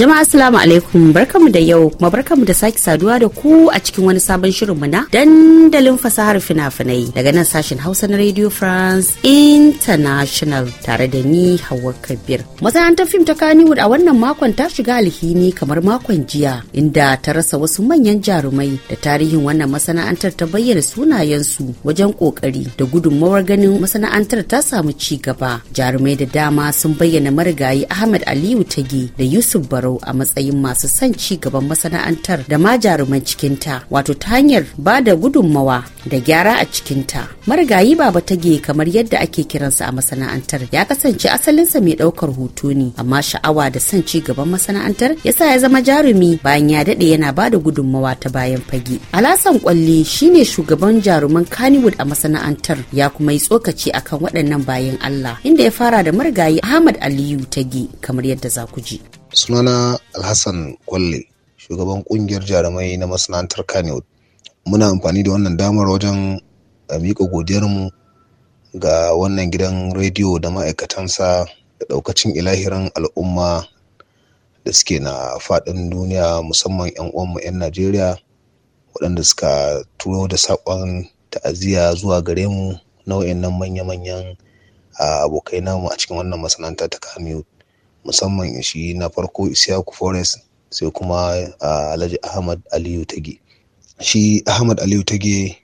Jama'a assalamu alaikum barkamu da yau kuma barkamu da sake saduwa da ku a cikin wani sabon shirin mu na dandalin fasahar fina-finai daga nan sashen Hausa na Radio France International tare da ni Hauwa Kabir. Masana'antar fim ta kaniwood a wannan makon ta shiga alhini kamar makon jiya inda ta rasa wasu manyan jarumai da tarihin wannan masana'antar ta bayyana sunayensu wajen kokari da gudunmawar ganin masana'antar ta samu ci gaba. Jarumai da dama sun bayyana marigayi Ahmad Aliyu Tage da Yusuf Baro Barau a matsayin masu son ci gaban masana'antar da ma jaruman cikinta wato ta hanyar ba da gudunmawa da gyara a cikinta. Marigayi Baba Tage kamar yadda ake kiransa a masana'antar ya kasance asalinsa mai ɗaukar hoto ne amma sha'awa da son ci gaban masana'antar yasa ya zama jarumi bayan ya daɗe yana ba da gudunmawa ta bayan fage. Alasan Kwalle shine shugaban jaruman Kannywood a masana'antar ya kuma yi tsokaci akan waɗannan bayan Allah inda ya fara da marigayi Ahmad Aliyu Tage kamar yadda za ku ji. sunana alhassan kwalle shugaban kungiyar jarumai na masana'antar kanewood muna amfani da wannan damar wajen eh, miƙa godiyarmu ga wannan gidan rediyo da ma'aikatansa da ɗaukacin ilahirin al'umma da suke na faɗin duniya musamman 'yan uwanmu 'yan najeriya waɗanda suka turo da saƙon ta'aziyya zuwa gare mu na wayannan manya-manyan ah, abokai namu a cikin wannan masana'anta ta kamiyu musamman shi na farko isiyaku forest sai kuma alhaji ahmad aliyu tage shi ahmad aliyu tage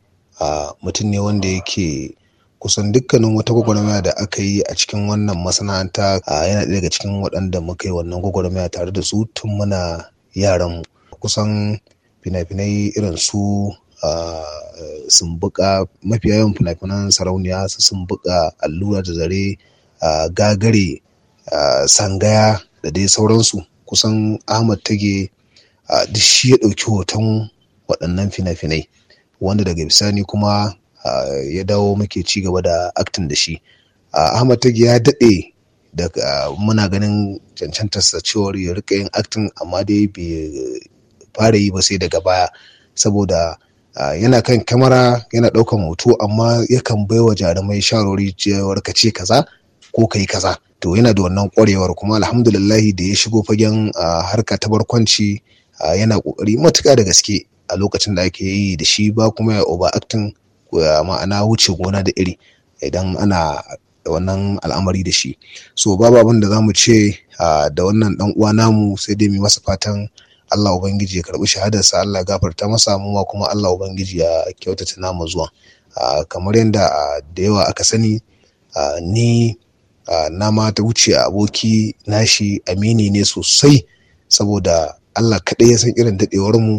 mutum ne wanda yake kusan dukkanin wata gwagwarmaya da aka yi a cikin wannan masana'anta yana ɗaya daga cikin waɗanda muka yi wannan gwagwarmaya tare da su tun muna yaranmu kusan fina-finai irin su sumbuka mafiya yawan fina-finan sarauniya su sumbuka allura da zare gagare sangaya da dai sauransu kusan ahmad tage duk shi ya ɗauki hoton waɗannan fina-finai wanda daga bisani kuma ya dawo muke ci gaba da aktin da shi ahmad tage ya daɗe da muna ganin cancantarsa cewar ya rika yin aktin amma dai bai fara yi ba sai daga baya saboda yana kan kamara yana ɗaukan hoto amma yakan baiwa jarumai sharori cewar ka ce kaza ko ka yi kaza to yana da wannan kwarewar kuma alhamdulillah da ya shigo fagen harka ta barkwanci yana kokari matuka da gaske a lokacin da ake yi da shi ba kuma ya overacting ma'ana wuce gona da iri idan ana wannan al'amari da shi so babu abin da zamu ce da wannan dan uwa namu sai dai mu masa fatan Allah ubangiji ya karbi shahadarsa Allah gafarta masa mu kuma Allah ubangiji ya kyautata namu zuwa kamar yadda da yawa aka sani ni Ah, na ma ta wuce aboki nashi amini ne sosai saboda Allah kaɗai ya san irin daɗewar mu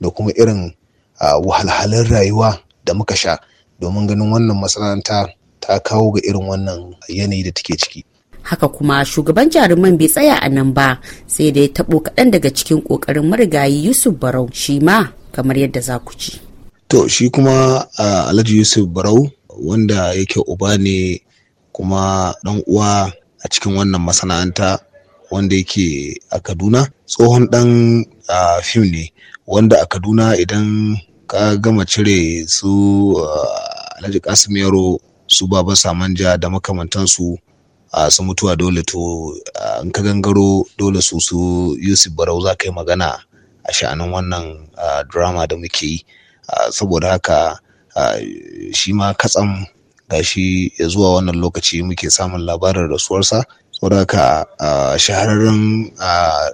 da kuma irin ah, wahalhalun rayuwa da muka sha domin ganin wannan masana'anta ta kawo ga irin wannan yanayi da take ciki. haka kuma shugaban jaruman bai tsaya a nan ba sai da ya taɓo kaɗan daga cikin ƙoƙarin marigayi yusuf barau shi ma kamar yadda za ku ji. to shi kuma ah, alhaji yusuf barau wanda yake uba ne kuma ɗan uwa a cikin wannan masana'anta wanda yake a kaduna tsohon ɗan fim ne wanda a kaduna idan ka gama cire su alhaji kasim yaro su baba samanja da makamantansu su mutuwa dole to in ka gangaro dole su su yusuf barau za ka yi magana a sha'anin wannan drama da muke yi saboda haka shi ma katsam gashi ya zuwa wannan lokaci muke samun labarin rasuwarsa saboda shahararren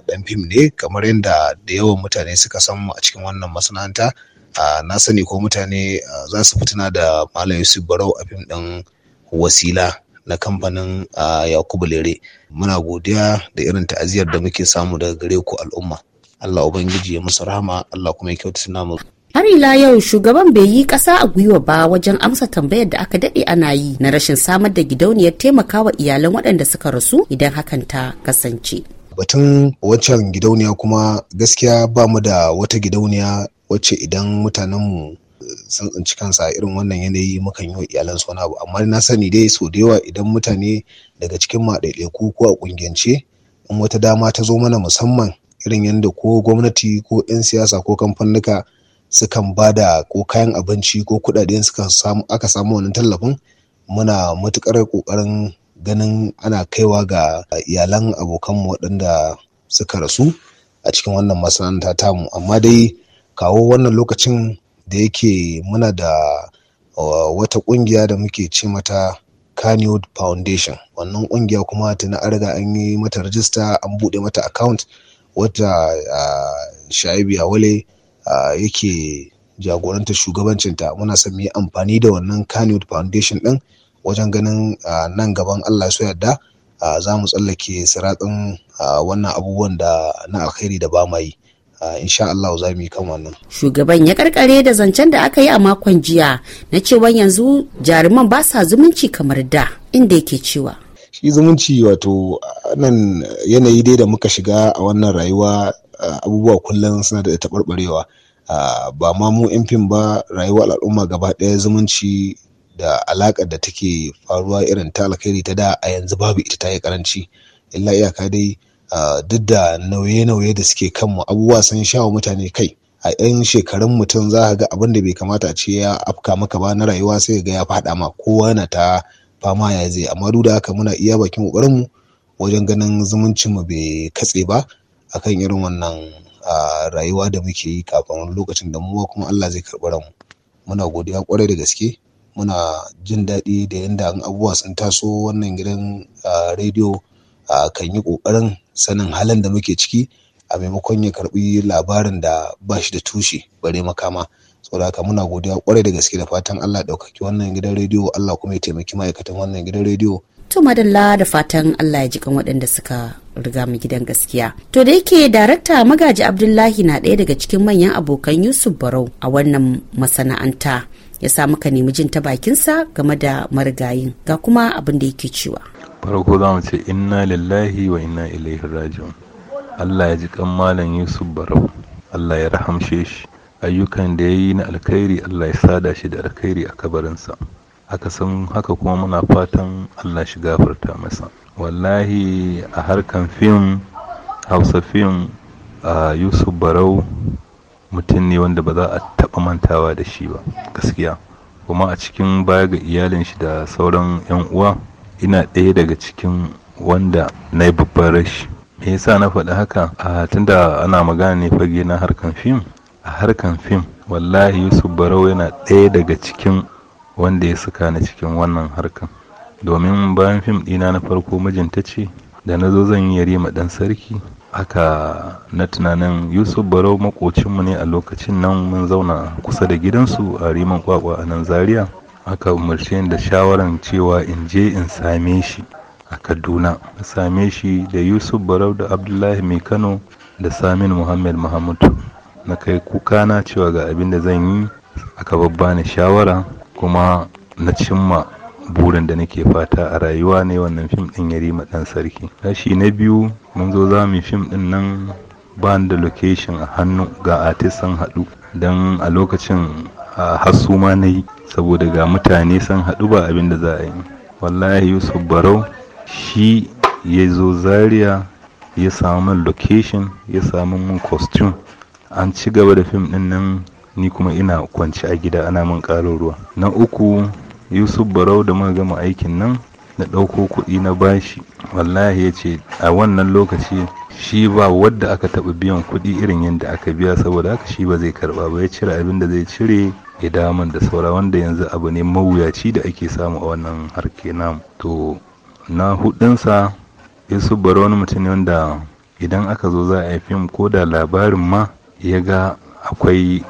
dan fim ne kamar yadda da yawan mutane suka san a cikin wannan masana'anta na sani ko mutane za su fituna da malam yusuf barau a fim ɗin wasila na kamfanin yakubu lere muna godiya da irin ta'aziyar da muke samu daga gare ku al'umma allah ubangiji ya musu rahama allah kuma ya kyautata namu Har ila yau shugaban bai yi ƙasa a gwiwa ba wajen amsa tambayar da aka daɗe ana yi na rashin samar da gidauniyar taimakawa iyalan waɗanda suka rasu idan hakan ta kasance. Batun waccan gidauniya kuma gaskiya ba mu da wata gidauniya wacce idan mutanenmu sun tsinci kansa a irin wannan yanayi mukan yi wa iyalan suna abu amma na sani dai so da yawa idan mutane daga cikin maɗaiɗaiku ko a ƙungiyance in wata dama ta zo mana musamman irin yadda ko gwamnati ko 'yan siyasa ko kamfanuka sukan ba da ko kayan abinci ko kuɗaɗe suka samu aka samu wannan tallafin muna matuƙar ƙoƙarin ganin ana kaiwa ga iyalan abokanmu waɗanda suka rasu a cikin wannan masana'anta tamu amma dai kawo wannan lokacin da yake muna da uh, wata ƙungiya da muke ce mata Canyon Foundation wannan ƙungiya kuma tana an riga an yi mata rajista an buɗe mata account wata uh, wale yake jagorantar shugabancinta muna son muyi yi amfani da wannan Kannywood Foundation ɗin wajen ganin nan gaban Allah su yarda za mu tsallake siratsin wannan abubuwan da na alkhairi da ba ma yi. insha Allah za mu yi kan wannan. Shugaban ya karkare da zancen da aka yi a makon jiya na cewa yanzu jaruman ba sa zumunci kamar da inda yake cewa. Shi zumunci wato nan yanayi dai da muka shiga a wannan rayuwa Uh, abubuwa kullum suna da taɓarɓarewa uh, ba ma mu yan fim ba rayuwar al'umma gaba ɗaya zumunci da alaƙar da take faruwa irin ta alkhairi ta da a yanzu babu ita ta yi karanci illa iyaka dai uh, duk da nauye-nauye da suke kanmu abubuwa sun sha wa mutane kai a 'yan shekarun mutum za ga abin da bai kamata a ce ya afka maka ba na rayuwa sai ga ya faɗa ma kowa na ta fama ya zai amma duk da haka muna iya bakin ƙoƙarinmu wajen ganin zumuncinmu bai katse ba akan irin wannan rayuwa da muke yi kafin lokacin da mu kuma Allah zai karɓi ramu. muna godiya kwarai da gaske muna jin daɗi da yadda abubuwa sun taso wannan gidan rediyo kan yi ƙoƙarin sanin halin da muke ciki a maimakon ya karɓi labarin da ba shi da tushe bare makama saboda haka muna godiya kwarai da gaske da fatan Allah ɗaukaki wannan gidan rediyo Allah kuma ya taimaki ma'aikatan wannan gidan rediyo to madalla da fatan allah ya ji kan waɗanda suka riga mu gidan gaskiya to da yake darakta magaji abdullahi na ɗaya daga cikin manyan abokan yusuf barau a wannan masana'anta ya sa muka nemi jin ta bakinsa game da marigayin ga kuma abin da yake cewa farko za mu ce inna lillahi wa inna ilaihi raji'un allah ya ji kan malam yusuf barau allah ya rahamshe shi ayyukan da ya yi na alkhairi allah ya sada shi da alkhairi a kabarinsa akasin haka kuma muna fatan allah shi gafarta masa wallahi a harkan fim hausa fim a yusuf barau mutum ne wanda ba za a taba mantawa da shi ba gaskiya kuma a cikin baya ga iyalin shi da sauran 'yan uwa ina ɗaya daga cikin wanda na yi babbar rashi me yasa na faɗi haka a tunda ana magana ne fage na harkan fim a harkan fim wallahi yusuf barau yana ɗaya daga cikin wanda ya saka ni cikin wannan harkan domin bayan fim ɗina na farko mijinta ce da na zo zan yi yarima ɗan sarki aka na tunanin yusuf barau makocinmu ne a lokacin nan mun zauna kusa da gidansu a riman kwakwa a nan zaria aka umarce da shawaran cewa in je in same shi a kaduna na same shi da yusuf barau da abdullahi mai kano da samin muhammad muhammadu na kai kukana cewa ga abin da zan yi aka babba ni shawara kuma na cimma burin da nake fata a rayuwa ne wannan fim din ya rima dan sarki shi na biyu mun zo za mu fim din nan ba da location a hannu ga artist sun haɗu don a lokacin hasu ma na yi saboda ga mutane sun haɗu ba abin da za a yi wallahi yusuf barau shi ya zo zaria ya samu location ya samu mun costume an ci gaba da fim din nan ni kuma ina kwance a gida ana min ƙarin ruwa na uku yusuf barau da muka gama aikin nan na ɗauko kuɗi na bashi wallahi ya ce a wannan lokaci shi ba wadda aka taɓa biyan kuɗi irin yadda aka biya saboda haka shi ba zai karɓa ba ya cire abin da zai cire ya daman da saura wanda yanzu abu ne mawuyaci da ake samu a wannan harke namu to na hudunsa yusuf Barau wani mutum ne wanda idan aka zo za a yi fim ko da labarin ma ya ga akwai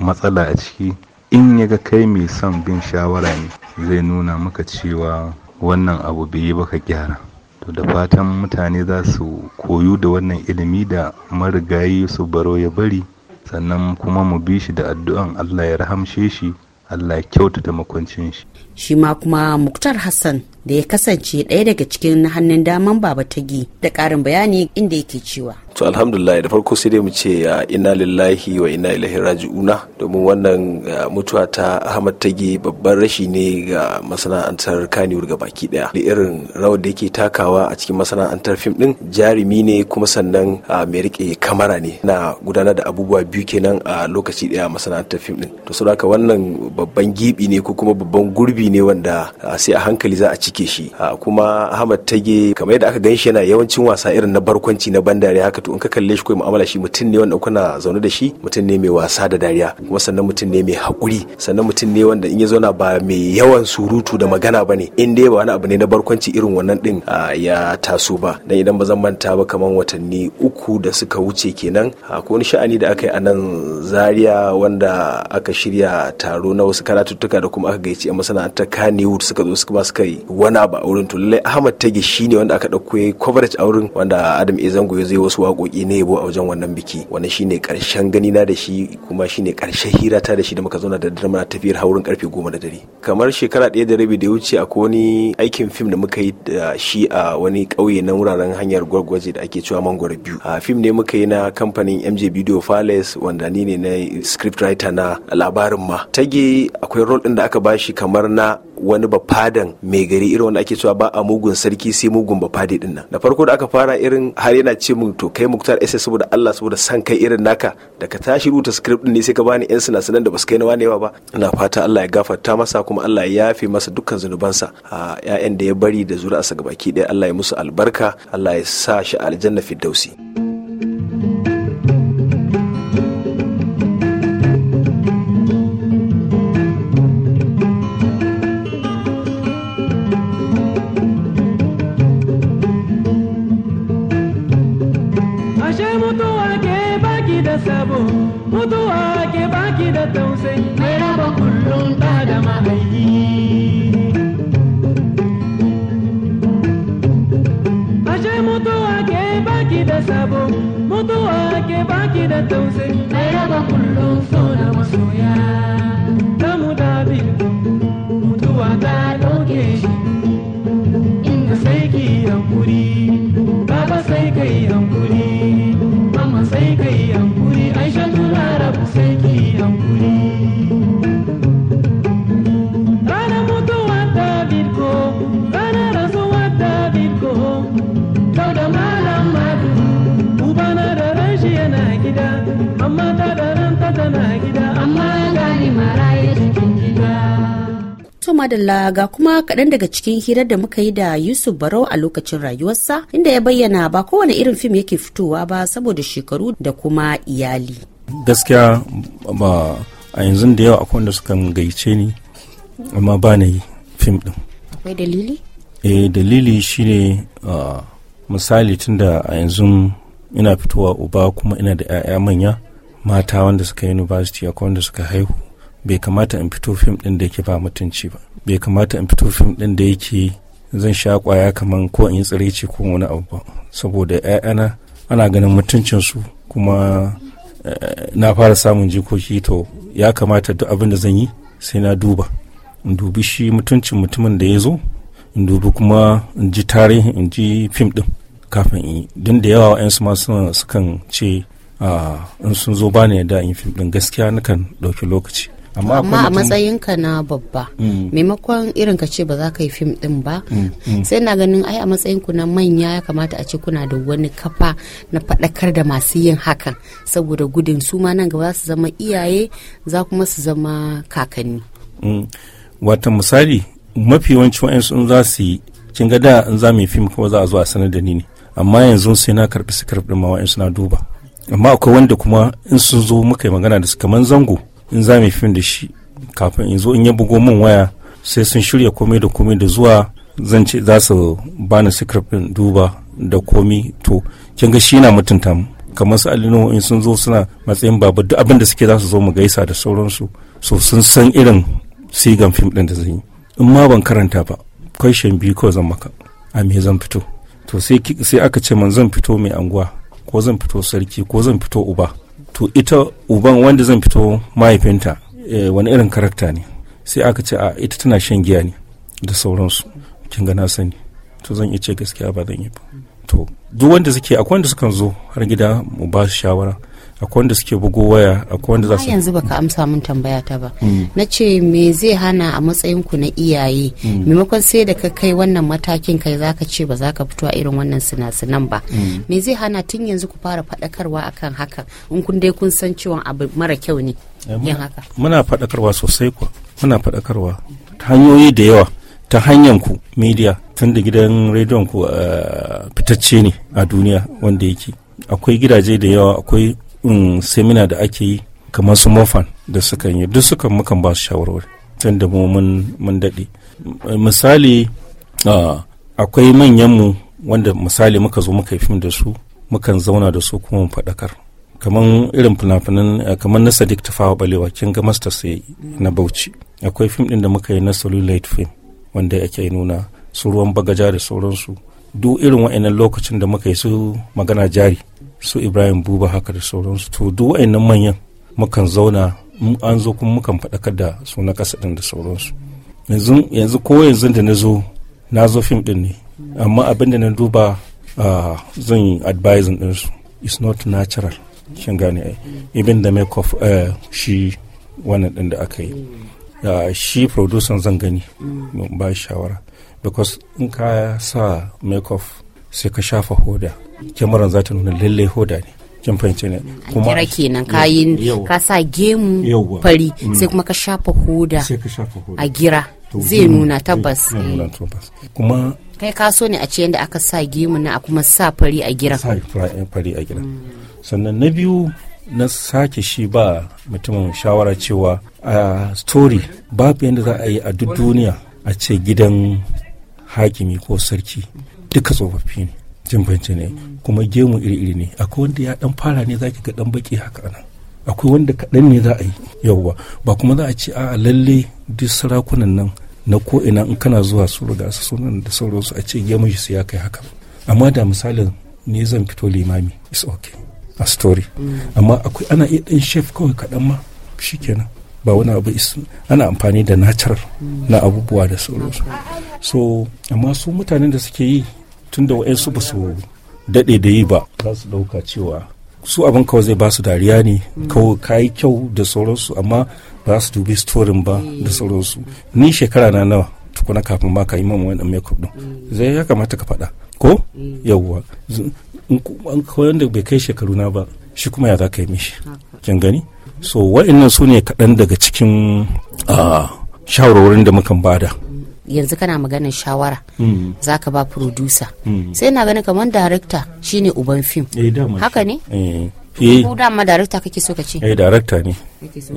matsala a ciki in ya ga kai mai son bin shawara ne zai nuna maka cewa wannan abu bai yi baka gyara to da fatan mutane za su koyu da wannan ilimi da marigayi su baro ya bari sannan kuma mu bi shi da addu'an allah ya rahamshe shi allah ya kyautata makwancin shi shi ma kuma muktar hassan da ya kasance ɗaya daga cikin hannun daman baba tagi da ƙarin bayani inda yake cewa to alhamdulillah da farko sai dai mu ce ya ina lillahi wa ina ilahi raji'una domin wannan mutuwa ta ahmad tagi babban rashi ne ga masana'antar kaniyar ga baki daya da irin rawar da yake takawa a cikin masana'antar fim din jarumi ne kuma sannan mai rike kamara ne na gudanar da abubuwa biyu kenan a lokaci daya masana'antar fim din to saboda wannan babban gibi ne ko kuma babban gurbi ne wanda sai a hankali za a ci cike shi kuma Ahmad Tage kamar yadda aka gan shi yana yawancin wasa irin na barkwanci na ban dariya haka to in ka kalle shi ko mu'amala shi mutum ne wanda kuna zaune da shi mutum ne mai wasa da dariya kuma sannan mutum ne mai hakuri sannan mutum ne wanda in ya zauna ba mai yawan surutu da magana ne. in dai ba wani abu ne na barkwanci irin wannan din ya taso ba dan idan ba zan manta ba kamar watanni uku da suka wuce kenan ko wani sha'ani da aka yi a nan zaria wanda aka shirya taro na wasu karatuttuka da kuma aka gaici a masana'antar Kannywood suka zo suka ba suka yi wani abu a wurin to lallai Ahmad Tage shine wanda aka dauko yayi coverage a wurin wanda Adam Ezango ya zai wasu waƙoƙi ne yabo a wajen wannan biki wanda shine karshen gani na da shi kuma shine karshen hira ta da shi da muka zauna da dare muna tafiyar wurin karfe goma da dare kamar shekara ɗaya da rabi da ya wuce akwai wani aikin fim da muka yi da shi a wani ƙauye na wuraren hanyar gwargwaje da ake cewa mangoro biyu a fim ne muka yi na kamfanin MJ Video Palace wanda ni ne na script writer na labarin ma tage akwai role din da aka bashi kamar na wani bafadan mai gari irin wanda ake cewa ba a mugun sarki sai mugun bafade din nan da farko da aka fara irin har yana ce mun to kai muktar ss saboda Allah saboda san kai irin naka da ka tashi rubuta script din ne sai ka bani yan sanan da basu kai na wani ba ina fata Allah ya gafarta masa kuma Allah ya yafe masa dukkan zunubansa a ƴaƴan da ya bari da zuri'arsa gabaki ɗaya Allah ya musu albarka Allah ya sa shi aljanna firdausi. ke baki da tausayi na yaba kullum so na masoya na mu dabi mutuwa ta doke shi inda sai ki yankuri. baba sai kai yankuri. mama sai kai yankuri. aisha tura rabu sai ki yankuri. Madalla ga kuma kaɗan daga cikin hirar da muka yi da Yusuf Barau a lokacin rayuwarsa inda ya bayyana ba kowane irin fim yake fitowa ba saboda shekaru da kuma iyali. Gaskiya ba a yanzu da yawa akwai wanda suka gaice ni amma ba na yi fim ɗin. Akwai dalili? Eh dalili shine misali tunda a yanzu ina fitowa uba kuma ina da 'ya'ya manya mata wanda suka yi university akwai wanda suka haihu bai kamata in fito fim din da yake ba mutunci ba bai kamata in fito fim din da yake zan sha kwaya kaman ko in tsire ce ko wani abu ba saboda ƴaƴana ana ganin mutuncin su kuma eh, na fara samun jikoki to ya kamata duk abin da zan yi sai na duba in dubi shi mutuncin mutumin da ya zo in dubi kuma in ji tarihin in ji fim din kafin in yi don da yawa 'yan su ma sukan ce Ah, in sun zo ba ne da in fim din gaskiya nakan ɗauki lokaci amma a matsayinka na babba mm. maimakon irin ka ce ba za ka yi fim din ba mm, mm. sai na ganin ai a matsayinku na manya ya kamata a ce kuna da wani kafa na faɗakar da masu yin hakan saboda gudun su ma nan gaba za su zama iyaye za kuma su zama kakanni wata misali mafi yawanci wa'yansu in za su yi kin ga da in za mu yi fim kuma za a zo a sanar da ni ne amma yanzu sai na karɓi su karɓi ma wa'yansu na duba amma akwai wanda kuma in sun zo muka yi magana da su kamar zango in za mu yi fim da shi kafin in zo in ya bugo min waya sai sun shirya komai da komai da zuwa zan ce za su bani sikirfin duba da komi to kin ga shi na mutunta mu kamar su alino in sun zo suna matsayin babu duk abin da suke za su zo mu gaisa da sauransu so sun san irin sigan fim din da zan yi in ma ban karanta ba shan biyu kawai zan maka a me zan fito to sai aka ce man zan fito mai anguwa ko zan fito sarki ko zan fito uba to ita uban wanda zan fito mahaifinta eh, wani irin karakta ne sai aka ce a ita tana shan giya ne da sauransu kin ga na sani to zan iya ce gaskiya ba zan yi ba to duk wanda suke akwai wanda sukan zo har gida mu ba su shawara akwai wanda suke bugo waya akwai wanda za su yanzu baka amsa mun tambaya ta ba hmm. na ce me zai hana a matsayin ku na iyaye hmm. maimakon sai da ka kai wannan matakin kai zaka ce ba zaka fito a irin wannan sinasinan ba hmm. me zai hana tun yanzu ku fara faɗakarwa akan haka in kun dai kun san cewa abu mara kyau ne eh, yin haka muna faɗakarwa sosai ku muna faɗakarwa ta hanyoyi da yawa ta hanyar ku media tun da gidan rediyon ku eh, fitacce ne a duniya wanda yake akwai gidaje da yawa akwai semina da ake yi kamar su mofan da suka yi duk suka mukan ba su shawarwari tun da mu mun daɗe misali akwai manyanmu wanda misali muka zo muka yi fim da su mukan zauna da su kuma mu faɗakar kamar irin fina-finan eh, kamar na sadiq tafawa balewa kin ga master sai na bauchi akwai fim ɗin da muka yi na solulite fim wanda ake nuna su ruwan bagaja da sauransu duk irin wa'annan lokacin da muka yi su magana jari su ibrahim buba haka da sauransu to duk wa'annan manyan mukan zauna an zo kuma mukan faɗakar da su na kasa ɗin da sauransu yanzu yanzu ko yanzu da na zo na zo fim ɗin ne amma abin da na duba zan yi advising ɗinsu is not natural shin gane ai even the make of eh, shi wannan ɗin da aka yi shi producer zan gani ba shawara because in ka sa make of sai ka shafa hoda kyamaran za ta nuna lallai hoda ne kin fahimci ne kuma kira kenan kayin ka sa gemu fari mm. sai kuma ka shafa hoda a gira eh, zai nuna eh. tabbas kuma kai ka so ne a ce yadda aka sa gemu na a kuma sa fari a gira sa eh, fari a gira sannan na biyu na sake shi ba mutumin shawara cewa a story babu yadda za a yi a duk duniya a ce gidan hakimi ko sarki duka tsofaffi ne jin banci ne kuma gemu iri-iri ne akwai wanda ya dan fara ne zaki ga dan baki haka nan akwai wanda kaɗan ne za a yi yauwa ba kuma za a ce a lalle duk sarakunan nan na ko ina in kana zuwa su riga su sunan da sauransu a ce gemu shi su ya kai haka amma da misalin ne zan fito limami is okay a story mm. amma akwai ana iya dan chef kawai kaɗan ma shikenan ba wani abu ana amfani da natural mm. na abubuwa da sauransu so amma su mutanen da suke yi tunda wa'yansu ba su daɗe da yi ba za su ɗauka cewa su abin kawai zai ba su dariya ne kawai kayi kyau da sauransu amma ba su dubi storin ba da sauransu ni shekara na nawa tukuna kafin ba ka yi min wani makeup din zai ya kamata ka faɗa ko yawwa an kawai da bai kai shekaru na ba shi kuma ya za ka yi mishi kin gani so wa'annan su ne kaɗan daga cikin ah, shawarwarin da mukan bada yanzu kana magana shawara hmm. za ka ba producer hmm. sai na ganin kamar director shine uban fim eh, haka ne eh, ko eh. dama director kake so ka ce eh director ne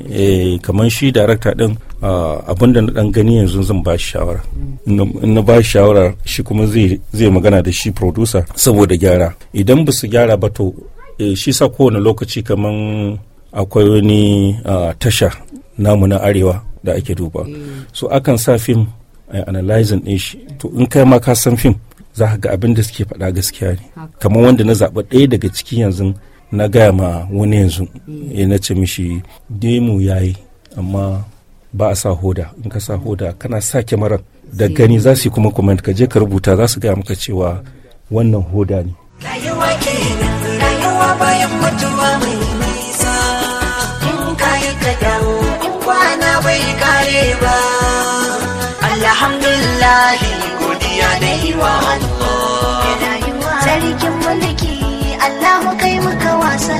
eh kamar shi director din ah, abinda na dan gani yanzu zan ba shi shawara na ba shi shawara shi kuma zai zai magana da shi producer saboda gyara idan ba su gyara ba to shi sa kowane lokaci kamar akwai wani ah, tasha namu na arewa da ake duba so akan sa fim analyzing din shi to in kai ma ka san fim za ka ga abin da suke faɗa gaskiya ne kamar wanda na zaɓa ɗaya daga ciki yanzu na gaya ma wani yanzu ya mm. eh, na ce mishi demu ya yi amma ba a sa hoda in ka sa hoda kana sa kyamarar da gani za su yi kuma comment ka je ka rubuta za su gaya maka cewa wannan hoda ne rayuwa bai kare ba alhamdulillahi godiya da wa Allah sarkin mulki Allahu kai muka wasa.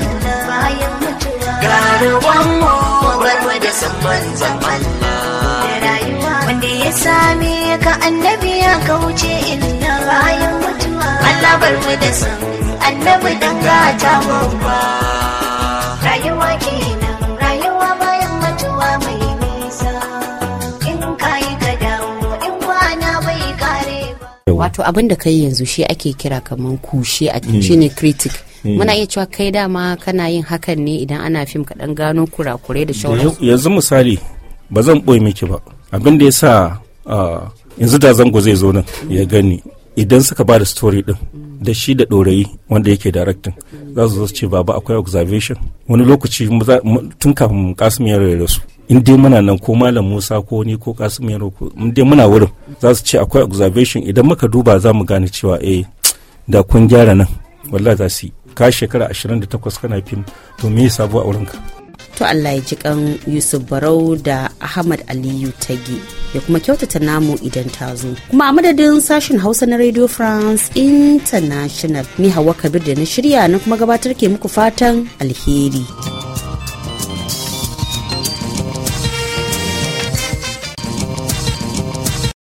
bayan mutuwa garuwan mu barwa da samman zaman wanda ya same ka annabi ya kauce inna bayan mutuwa Allah barwa da san annabi dan gata mu rayuwa wato abin da kai yanzu shi ake kira kamar kushe a mm. ne critic mm. muna iya cewa kai dama kana yin hakan ne idan ana fim kaɗan gano kurakurai da shauransu yanzu misali ba zan ɓoye miki ba abin da ya sa yanzu da zango zai zo nan ya gani idan suka ba da story din da shi da ɗorayi wanda yake directing za su zo su ce baba akwai observation wani lokaci tun kafin kasim ya rasu in dai muna nan ko malam musa ko ni ko kasim yaro ko in dai muna wurin za su ce akwai observation idan muka duba za mu gane cewa eh da kun gyara nan wallahi za su yi ka shekara 28 kana fim to me yasa a wurinka to Allah ya ji kan Yusuf Barau da Ahmad Aliyu Tagi ya kuma kyautata namu idan ta zo. Kuma a madadin sashin Hausa na Radio France International ni Hawa Kabir da na shirya na kuma gabatar ke muku fatan alheri.